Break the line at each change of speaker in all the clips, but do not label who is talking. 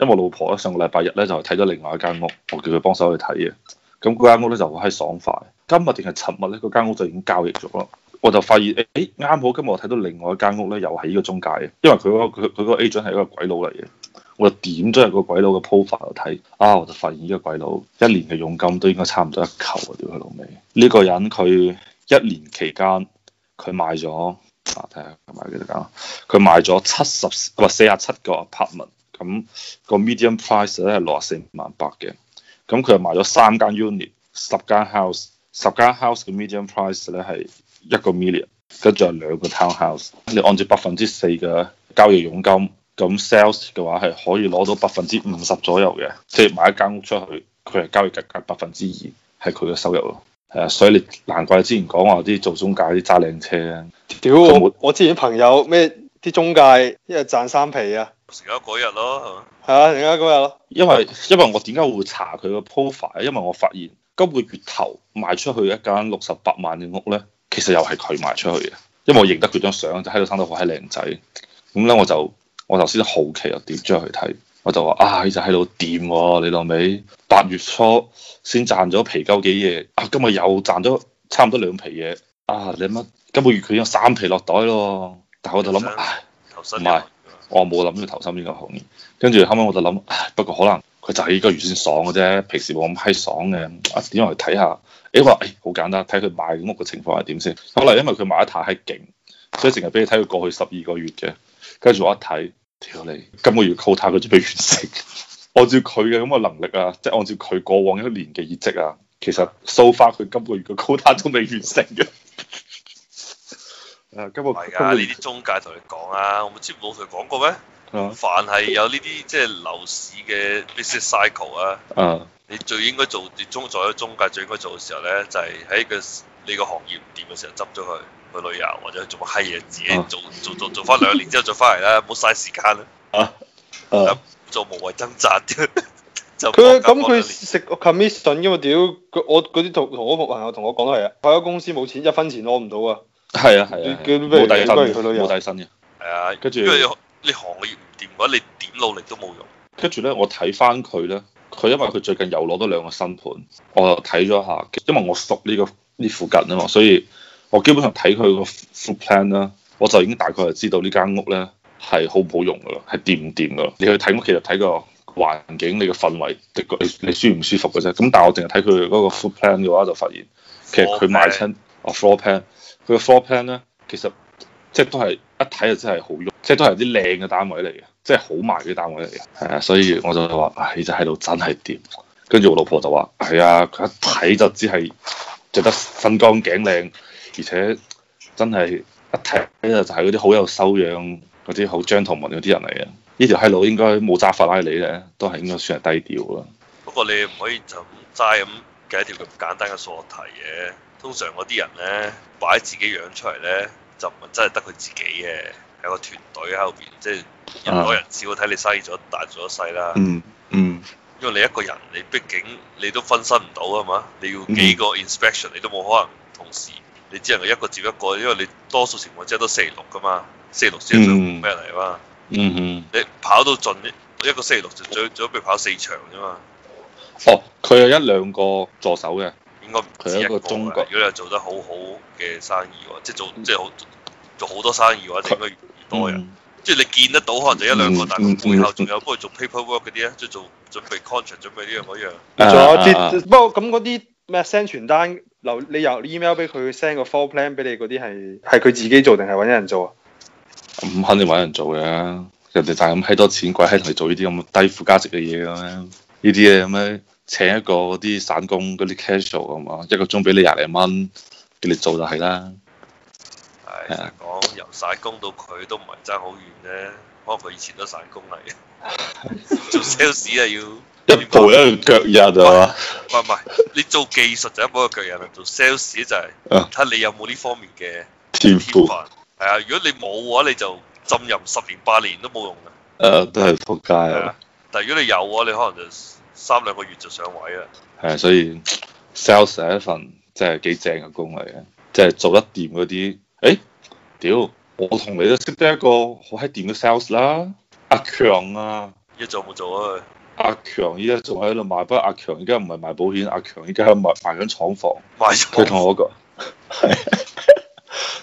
因為我老婆咧上個禮拜日咧就睇咗另外一間屋，我叫佢幫手去睇嘅。咁嗰間屋咧就好閪爽快。今日定係尋日咧，嗰間屋就已經交易咗啦。我就發現，誒、哎、啱好今日我睇到另外一間屋咧，又係呢個中介嘅。因為佢嗰個佢佢嗰個 agent 係一個鬼佬嚟嘅，我就點咗入個鬼佬嘅 profile 度睇，啊我就發現呢個鬼佬一年嘅佣金都應該差唔多一球啊！屌佢老味，呢、呢個人佢一年期間佢賣咗啊，睇下賣幾多間，佢賣咗七十唔係四十七個 apartment。咁個 medium price 咧係六十四萬八嘅，咁佢又賣咗三間 unit，十間 house，十間 house 嘅 medium price 咧係一個 million，跟住有兩個 town house。你按照百分之四嘅交易佣金，咁 sales 嘅話係可以攞到百分之五十左右嘅，即係賣一間屋出去，佢係交易價格百分之二係佢嘅收入咯。係啊，所以你難怪之前講話啲做中介啲揸靚車咧，屌我、哦、沒我之前朋友咩？啲中介一日賺三皮啊！
成日嗰日咯，
係啊，成日嗰日咯。因為因為我點解會查佢個 profile？因為我發現今個月頭賣出去一間六十八萬嘅屋咧，其實又係佢賣出去嘅。因為我認得佢張相，就喺度生得好閪靚仔。咁咧我就我頭先好奇又點咗去睇，我就話啊，其實喺度掂你諗尾八月初先賺咗皮鳩幾嘢，啊，今日又賺咗差唔多兩皮嘢。啊，你乜今個月佢有三皮落袋咯？但我就諗，唔係實唉，我冇諗要投身呢個行業。跟住後尾我就諗，不過可能佢就係呢個月先爽嘅啫，平時冇咁閪爽嘅。點、啊、落去睇下，誒話，誒好簡單，睇佢賣屋嘅、那個、情況係點先。可能因為佢賣一太係勁，所以成日俾你睇佢過去十二個月嘅。跟住我一睇，屌你、啊，今個月 quota 佢仲未完成。 按照佢嘅咁嘅能力啊，即係按照佢過往一年嘅業績啊，其實 so far 佢今個月嘅 quota 都未完成嘅。 啊！今日唔係呢啲
中介同你講啊，我冇知冇同你講過咩？嗯啊、凡係有呢啲即係樓市嘅 business cycle 啊，你最應該做中在咗中介最應該做嘅時候咧，就係、是、喺個呢個行業唔掂嘅時候執咗佢去旅遊，或者做個閪嘢，自己做、啊、做做做翻兩年之後再翻嚟啦，冇嘥、啊、時間啦。啊，啊、做無謂掙扎。佢咁佢
食 commission 因嘛？屌，我嗰啲同同我個朋友同我講都係啊，開咗公司冇錢一分錢攞唔到啊！
係啊係啊，冇底薪嘅，冇底薪嘅。係啊，跟住、啊，因為你行你唔掂，或者你點努力都冇用。
跟住咧，我睇翻佢咧，佢因為佢最近又攞咗兩個新盤，我睇咗下，因為我熟呢個呢附近啊嘛，所以我基本上睇佢個 full plan 啦，我就已經大概係知道間呢間屋咧係好唔好用噶啦，係掂唔掂噶啦。你去睇屋，其實睇個環境，你個氛圍的你舒唔舒服嘅啫。咁但係我淨係睇佢嗰個 full plan 嘅話，就發現其實佢賣親啊 floor plan。佢個 floor plan 咧，其實即係都係一睇就真係好喐，即係都係啲靚嘅單位嚟嘅，即係好賣嘅單位嚟嘅。係啊，所以我就話：啊，呢隻喺度真係掂。跟住我老婆就話：係啊，佢一睇就只係着得身光頸靚，而且真係一睇就係嗰啲好有修養、嗰啲好 gentleman 嗰啲人嚟嘅。呢條閪佬應該冇揸法拉利咧，都係應該算係低調啦。
不過你唔可以就齋咁計一條咁簡單嘅數學題嘅啊。通常嗰啲人咧，擺自己樣出嚟咧，就唔係真係得佢自己嘅，有個團隊喺後邊，即係任何人只會睇、啊、你生咗大，做咗細啦。嗯嗯，因為你一個人，你畢竟你都分身唔到啊嘛，你要幾個 inspection，嗯、你都冇可能同時，你只能夠一個接一個，因為你多數情況之下都星期六噶嘛，星期六先做咩嚟嘛？嗯哼，嗯嗯，你跑到盡一一個星期六就最最，最多咪跑四場啫嘛。
哦，佢有一兩個助手嘅。
佢係一,一個中國，如果做得好好嘅生意，即係做即係好做好多生意嘅話，應該多人。嗯、即係你見得到可能就一兩個單，但係背後仲有幫佢做 paperwork 嗰啲咧，即係做準備 contract、準備呢樣嗰樣。仲有啲不過咁嗰啲咩 send
傳單，留你郵 email 俾佢 send 個 full plan 俾你嗰啲係係佢自己做定係揾人做啊？咁肯定揾人做嘅，人哋賺咁閪多錢鬼喺度做呢啲咁低附加值嘅嘢咁樣，呢啲嘢咁咧。請一個嗰啲散工，嗰啲 casual 咁嘛，一個鐘俾你廿零蚊，叫你做就係啦。係啊，講由散工
到佢都唔係爭好遠啫，可能佢以前都散工嚟。做 sales 啊要
一步一個腳印啊
嘛。唔係，你做技術就一步一個腳印做 sales 就係，睇你有冇呢方面嘅天賦。係啊，如果你冇嘅話，你就浸淫十年八年都冇用㗎。誒，
都係扑街啊！
但係如果你有嘅話，你可能就。三兩個月就上位啊！
係，所以 sales 係一份真係幾正嘅工嚟嘅，即係做得掂嗰啲。誒，屌，我同你都識得一個好閪掂嘅 sales 啦。阿、啊、強啊，依家做冇做啊？阿強依家仲喺度賣，啊、強，不過阿強而家唔係賣保險，阿強而家賣賣緊廠房。賣廠，佢同我講，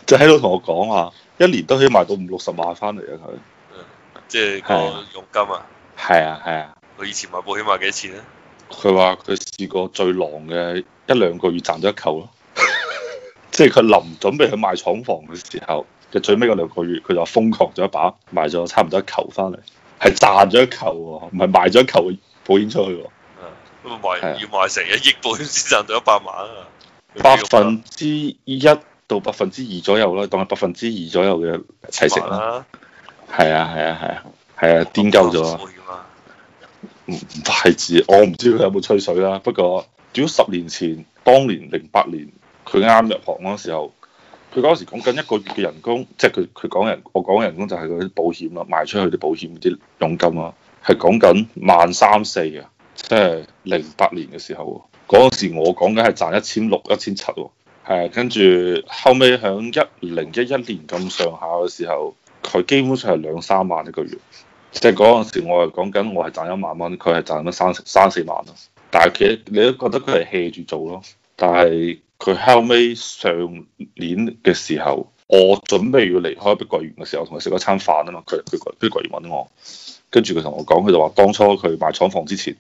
就喺度同我講啊，一年都可以賣到五六十萬翻嚟啊！佢、嗯，
即係個佣金啊，
係啊，係啊。
佢以前賣保險賣幾多錢
咧？佢話佢試過最狼嘅一兩個月賺咗一球咯，即係佢臨準備去賣廠房嘅時候，嘅最尾嗰兩個月，佢就話瘋狂咗一把，賣咗差唔多一球翻嚟，係賺咗一球喎，唔係賣咗一球保險出去喎。要
賣成一億保險先賺到一百萬啊！百分
之一到百分之二左右啦，當係百分之二左右嘅提成啦。係啊，係啊，係啊，係啊，癲鳩咗唔大知，我唔知佢有冇吹水啦。不過，屌十年前，當年零八年，佢啱入行嗰時候，佢嗰時講緊一個月嘅人工，即係佢佢講人，我講人工就係佢啲保險咯，賣出去啲保險啲佣金啊，係講緊萬三四嘅，即係零八年嘅時候。嗰陣時我講緊係賺一千六、一千七喎。係跟住後尾，響一零一一年咁上下嘅時候，佢基本上係兩三萬一個月。即係嗰陣時，我係講緊我係賺一萬蚊，佢係賺咗三、四、三四萬咯。但係其實你都覺得佢係 hea 住做咯。但係佢後尾上年嘅時候，我準備要離開碧桂園嘅時候，同佢食咗餐飯啊嘛。佢佢碧桂園揾我，跟住佢同我講，佢就話當初佢賣廠房之前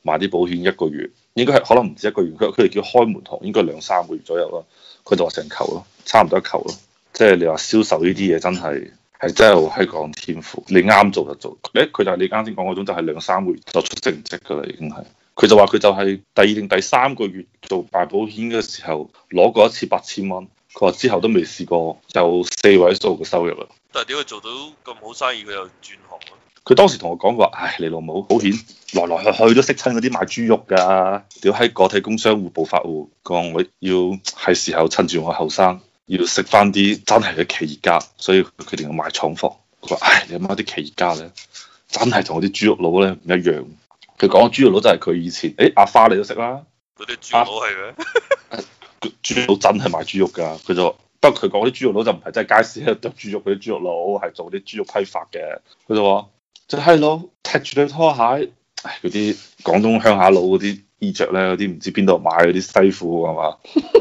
買啲保險一個月，應該係可能唔止一個月，佢佢哋叫開門紅，應該兩三個月左右咯。佢就話成球咯，差唔多一球咯。即係你話銷售呢啲嘢真係。係真係好喺講天賦，你啱做就做。就你佢就係你啱先講嗰種，就係兩三個月就出成績噶啦，已經係。佢就話佢就係第二定第三個月做大保險嘅時候，攞過一次八千蚊。佢話之後都未試過，有四位數嘅收入啦。但係點佢做到咁好生意，佢又轉行。佢當時同我講過，唉，你老母保險來來去去都識親嗰啲賣豬肉噶，屌喺個體工商戶、暴發戶，講我，要係時候趁住我後生。要食翻啲真係嘅企業家，所以佢決定要賣廠房。佢話：唉，你阿媽啲企業家咧，真係同嗰啲豬肉佬咧唔一樣。佢講豬肉佬就係佢以前。誒、欸、阿花你都食啦，嗰
啲豬佬係嘅、
啊，豬佬真係賣豬肉㗎。佢就，不過佢講啲豬肉佬就唔係，真係街市喺度剁豬肉嗰啲豬肉佬，係做啲豬肉批發嘅。佢就話就係咯，踢住對拖鞋，嗰啲廣東鄉下佬嗰啲衣着咧，有啲唔知邊度買嗰啲西褲係嘛，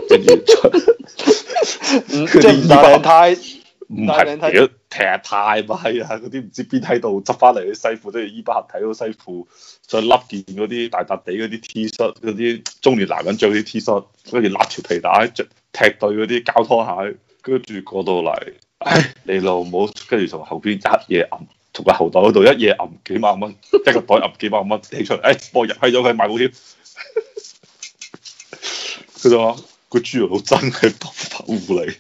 跟住 即係、嗯嗯、大領呔，唔係是，如果踢太埋啊，嗰啲唔知邊喺度執翻嚟啲西褲，都要衣巴合睇到西褲再笠件嗰啲大笪地嗰啲 T 恤，嗰啲中年男人着啲 T 恤，跟住笠條皮帶，着踢對嗰啲膠拖鞋，跟住過到嚟，唉你老母，跟住從後邊一嘢揞，從個後袋嗰度一嘢揞幾萬蚊，一個袋揞幾萬蚊，掟出嚟，哎，我入閪咗佢買保險，佢就話。個豬佬真係法富理，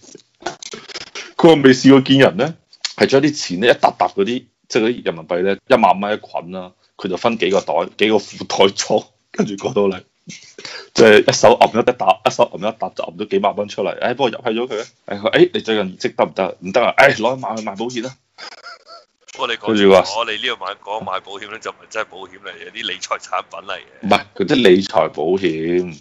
佢話未試過見人咧，係將啲錢咧一沓沓嗰啲，即係嗰啲人民幣咧一萬蚊一捆啦、啊，佢就分幾個袋、幾個褲袋裝，跟住過到嚟，即、就、係、是、一手揞一沓，一手揞一沓，一一就揞咗幾萬蚊出嚟。誒、哎，幫我入去咗佢。誒、哎哎，你最近業績得唔得？唔得啊！誒、哎，攞一
萬去買保險啦、啊。不過你講住話，我哋呢度買講買保險咧，就唔係真係保險嚟，嘅，啲理財產品嚟
嘅。唔係，佢啲理財保險。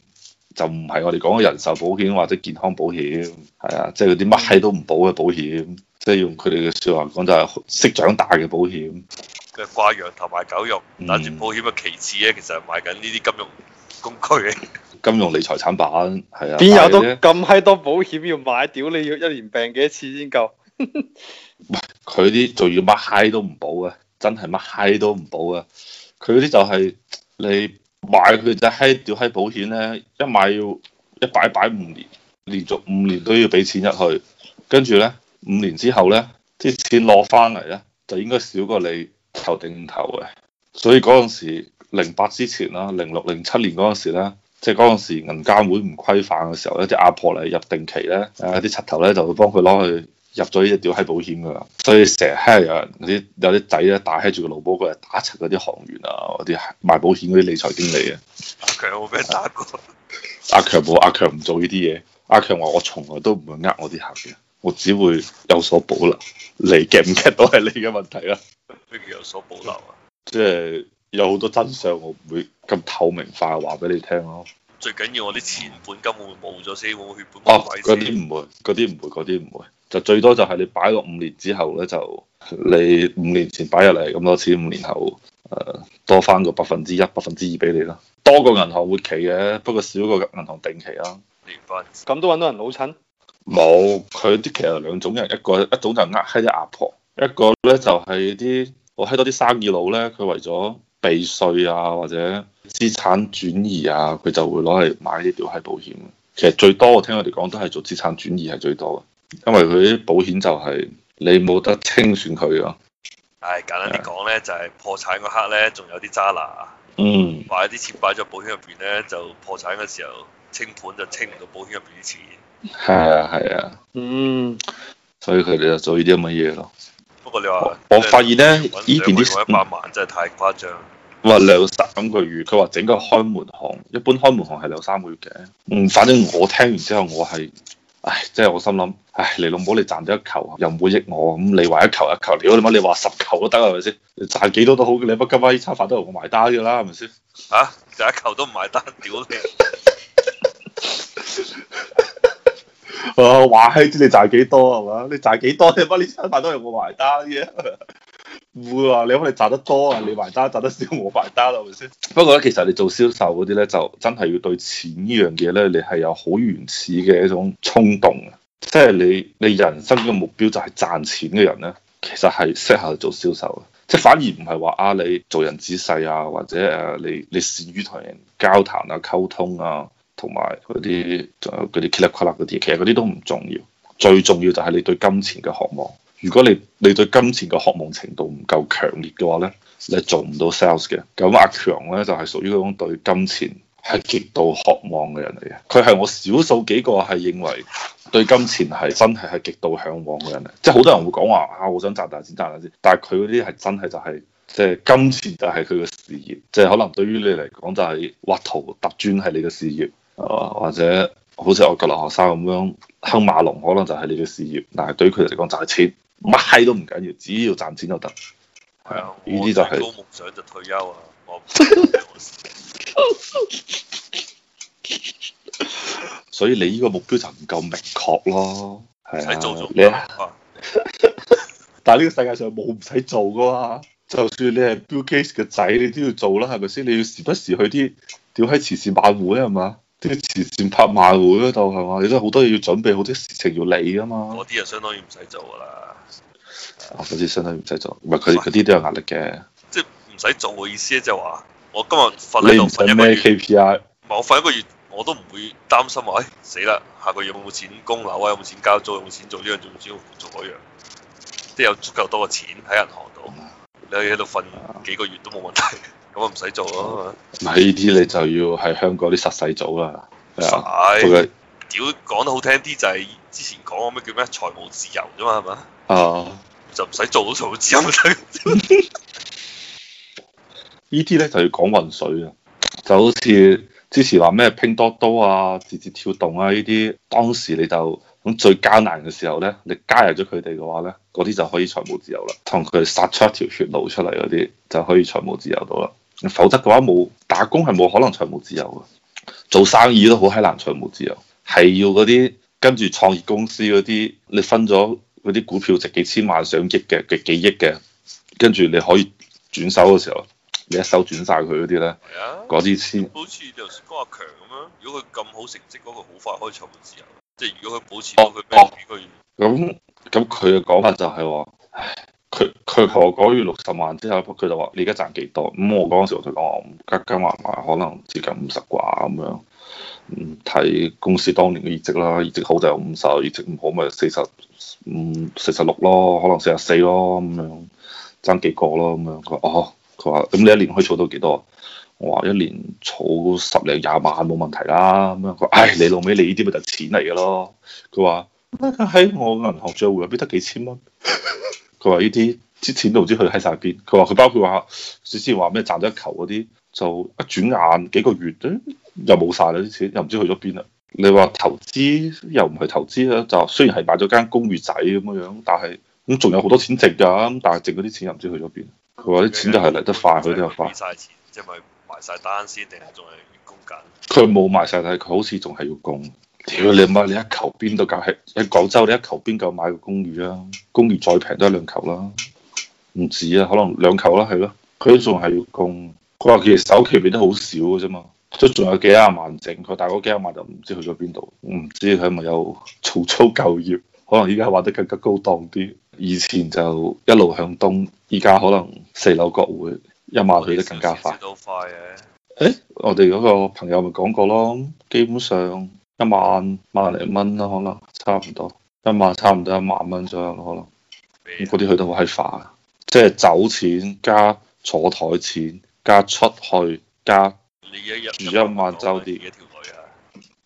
就唔係我哋講嘅人壽保險或者健康保險，係啊，即係嗰啲乜閪都唔保嘅保險，即係用佢哋嘅説話講就係、是、識長大嘅保險。
即係掛羊頭賣狗肉，嗱，保險嘅其次咧，其實係賣緊呢啲金融工具。
金融理財產品係啊，邊但有
咁閪多保險要買？屌你要一年病幾次先夠？
佢啲仲要乜閪都唔保呀，真係乜閪都唔保呀。佢嗰啲就係、是、你。買佢啲屌閪保險咧，一買要一擺擺五年，連續五年都要俾錢入去，跟住呢，五年之後咧，啲錢攞翻嚟呢，就應該少過你投定投嘅。所以嗰陣時零八之前啦，零六零七年嗰陣時咧，即係嗰陣時銀監會唔規範嘅時候咧，啲、就是、阿婆嚟入定期呢，啊啲柒頭咧就會幫佢攞去。入咗呢隻屌閪保險噶啦，所以成日係有人啲有啲仔咧打閪住個老保過嚟打柒嗰啲行員啊，嗰啲賣保險嗰啲理財經理啊，
啊。阿強有冇俾人打過？
阿、啊啊、強冇，阿強唔做呢啲嘢。阿強話：我從來都唔會呃我啲客嘅，我只會有所保留。嚟 get 唔 get 都係你嘅問題啦。咩
叫有所保留啊？
即係有好多真相，我唔會咁透明化話俾你聽咯。
最緊要我啲錢本金會冇咗先，會血
本空曬。嗰啲唔會，嗰啲唔會，嗰啲唔會。就最多就係你擺個五年之後咧，就你五年前擺入嚟咁多錢，五年後誒、呃、多翻個百分之一、百分之二俾你咯。多過銀行活期嘅，不過少過銀行定期啦。咁都揾到人老襯？冇，佢啲其實兩種人，一個一種就呃閪啲阿婆，一個咧就係啲我喺多啲生意佬咧，佢為咗避稅啊或者資產轉移啊，佢就會攞嚟買啲屌閪保險。其實最多我聽佢哋講都係做資產轉移係最多嘅。因為佢啲保險就係你冇得清算佢啊、
哎。係簡單啲講咧，是的 就係破產嗰刻咧，仲有啲渣拿。嗯。買啲錢擺咗保險入邊咧，就破產嘅時候清盤就清唔到保險入邊啲錢。
係啊係啊。
嗯。
所以佢哋就做呢啲咁嘅嘢咯。不
過你話，我發現咧，呢邊啲一百萬真係太誇張。
話、嗯、兩三個月，佢話整個開門紅，一般開門紅係兩三個月嘅。嗯，反正我聽完之後，我係。唉，即係我心諗，唉，你老母你賺咗一球，又唔會益我，咁你話一球一球，屌你媽，你話十球都得係咪先？賺幾多都好，你唔今啊，呢餐飯都由我埋單噶啦，係咪
先？啊，賺一球都唔埋單，屌你！
我話嗨，知你賺幾多係嘛？你賺幾多係咪，你乜呢餐飯都由我埋單嘅。 會話你可以賺得多啊，你埋單賺得少，我埋單啦，係咪先？不過咧，其實你做銷售嗰啲咧，就真係要對錢呢樣嘢咧，你係有好原始嘅一種衝動啊。即係你你人生嘅目標就係賺錢嘅人咧，其實係適合做銷售嘅，即係反而唔係話啊你做人仔細啊，或者誒、啊、你你善於同人交談啊、溝通啊，同埋嗰啲仲有嗰啲 kilakala 嗰啲，其實嗰啲都唔重要，最重要就係你對金錢嘅渴望。如果你你對金錢嘅渴望程度唔夠強烈嘅話呢，你做唔到 sales 嘅。咁阿強呢，就係、是、屬於嗰種對金錢係極度渴望嘅人嚟嘅。佢係我少數幾個係認為對金錢係真係係極度向往嘅人嚟。即係好多人會講話啊，我想賺大錢賺大錢。但係佢嗰啲係真係就係即係金錢就係佢嘅事業。即、就、係、是、可能對於你嚟講就係挖土揼磚係你嘅事業，或者好似我個留學生咁樣坑馬龍可能就係你嘅事業。但係對於佢哋嚟講就係錢。乜閪都唔緊要，只要賺錢就得。係啊，呢啲就係、是。夢
想就退休啊！
所以你呢個目標就唔夠明確咯。係啊，做你啊 但係呢個世界上冇唔使做噶嘛、啊？就算你係 Bill Gates 嘅仔，你都要做啦，係咪先？你要時不時去啲屌閪慈善晚會，係嘛？啲慈善拍賣會嗰度係嘛，你都好多嘢要準備，好多事情要理啊嘛。
嗰啲就相當於唔使做啦。
嗰啲相當於唔使做，唔係佢，佢啲都有壓力嘅。即係唔使做嘅意
思，就係話我今日瞓喺度。
你唔使咩 KPI？唔係，
我瞓一個月，我都唔會擔心話，哎死啦，下個月有冇錢供樓啊？有冇錢交租？有冇錢做呢樣？做做做嗰樣？即係有足夠多嘅錢喺銀行度，你可以喺度瞓幾個月都冇問題。 我唔使做
咯。唔係呢啲，你就要喺香港啲實勢組啦。
屌講吧以得好聽啲就係之前講咩叫咩財務自由啫嘛，係嘛？啊！就唔使做都財務自
由。 呢啲咧就要講運水啊，就好似之前話咩拼多多啊、字節跳動啊呢啲，當時你就咁最艱難嘅時候咧，你加入咗佢哋嘅話咧，嗰啲就可以財務自由啦，同佢殺出一條血路出嚟嗰啲就可以財務自由到啦。否則嘅話，冇打工係冇可能財務自由嘅，做生意都好喺難財務自由，係要嗰啲跟住創業公司嗰啲，你分咗嗰啲股票值幾千萬上億嘅，幾幾億嘅，跟住你可以轉手嘅時候，你一手轉晒佢嗰啲咧，嗰啲錢。好似頭先嗰阿強咁樣，如果佢咁好成績，嗰個好快可以財務自由，即係如果佢保持、幫佢、幫幾個月，咁咁佢嘅講法就係話。嗯嗯嗯嗯嗯佢佢同我講完六十萬之後，佢就話：你而家賺幾多？咁我嗰陣時我就講：我加加埋埋可能接近五十啩咁樣，睇公司當年嘅業績啦。業績好就有五十、嗯，業績唔好咪四十五、四十六咯，可能四十四咯咁樣，爭幾個咯咁樣。佢話：哦，佢話咁你一年可以儲到幾多？我話一年儲十零廿萬冇問題啦。咁樣佢話：唉、哎，你老味，你呢啲咪就錢嚟嘅咯？佢話：咩、哎？喺、哎、我銀行賬戶入邊得幾千蚊？佢話呢啲啲錢都唔知佢喺晒邊。佢話佢包括話之前話咩賺咗一球嗰啲，就一轉眼幾個月，誒又冇晒啦啲錢，又唔知去咗邊啦。你話投資又唔係投資啦，就雖然係買咗間公寓仔咁樣，但係咁仲有好多錢剩㗎，咁但係剩嗰啲錢又唔知去咗邊。佢話啲錢就係嚟得快，佢去得快。曬錢
即係咪埋晒單先，定係仲係月供緊？
佢冇埋晒，但係佢好似仲係要供。屌你媽！你一球邊度夠喺喺廣州？你一球邊夠買個公寓啊？公寓再平都係兩球啦、啊，唔止啊，可能兩球啦、啊，係咯、啊。佢仲係要供，佢話其實首期俾得好少嘅啫嘛，都仲有幾廿萬剩，佢大係嗰幾廿萬就唔知去咗邊度，唔知佢係咪有曹操舊業？可能依家玩得更加高檔啲，以前就一路向東，依家可能四樓國會一萬去得更加快。誒、欸，我哋嗰個朋友咪講過咯，基本上。一萬萬零蚊啦，可能差唔多，一萬差唔多一萬蚊左右，可能嗰啲去到係煩，即係走錢加坐台錢加出去加，
你一日住一萬周啲
幾條女啊？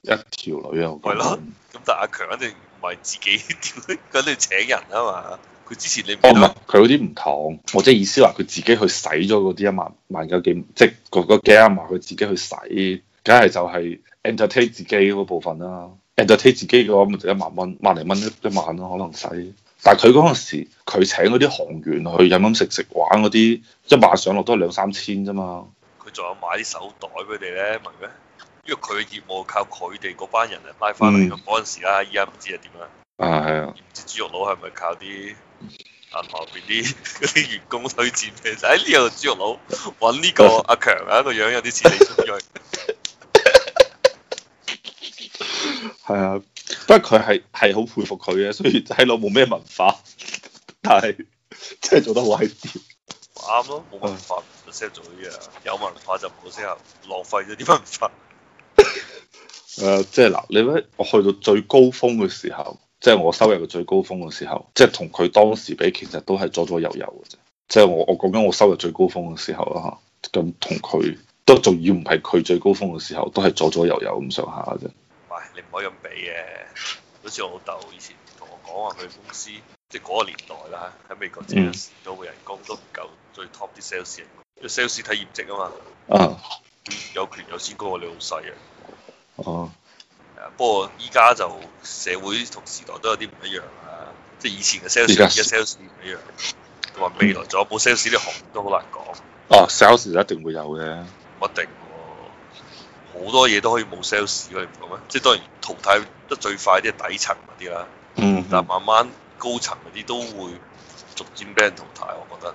一條女啊，係啦。
咁但阿強一定唔係自己，佢佢哋請人啊嘛。佢之前你唔？哦
佢嗰啲唔同，我即係意思話佢自己去使咗嗰啲一萬萬九幾，即係個個幾阿媽佢自己去使，梗係就係、是。entertain 自己嗰部分啦、啊，entertain 自己嘅話咪就是，一萬蚊，萬零蚊一一萬咯，啊，可能使。但係佢嗰陣時，佢請嗰啲行員去飲飲食食玩嗰啲，一晚上落都係兩三千啫嘛。
佢仲有買啲手袋俾佢哋咧，明咩？因為佢嘅業務靠佢哋嗰班人啊拉翻嚟，嗰陣時啦，依家唔知係點樣啦。
啊，係啊。唔
知豬肉佬係咪靠啲銀行邊啲啲員工推薦。其實就喺呢度豬肉佬揾呢個阿強啊，個樣有啲似李俊瑞。
係啊，不過佢係係好佩服佢嘅，所以喺度冇咩文化， 但係即係做得好啲，啱咯。
冇文化唔識做呢啲嘢，有文化就唔好適合浪費咗啲文化。
誒，即係嗱，你我去到最高峰嘅時候，即係我收入嘅最高峰嘅時候，即係同佢當時比，其實都係左左右右嘅啫。即係我我講緊我收入最高峰嘅時候啦吓，咁同佢都仲要唔係佢最高峰嘅時候，都係左左右右咁上下嘅啫。
哎、你唔可以咁比嘅。好似我老豆以前同我講話，佢公司即係嗰個年代啦，喺美國做 sales 都嘅人工都唔夠，最 top 啲 sales 人工。因為 sales 睇業績啊嘛。啊。有權有錢高過你啊，你好細啊。哦。不過依家就社會同時代都有啲唔一樣啦。即係以前嘅 sales，而家 sales 唔一樣。同埋未來仲有冇 sales 呢行業都好難講。
哦，sales、啊、一定會有嘅。
一定。好多嘢都可以冇 sales 咯，你唔覺咩？即係當然淘汰得最快啲係底層嗰啲啦，嗯嗯，但係慢慢高層嗰啲都會逐漸俾人淘汰，我覺得。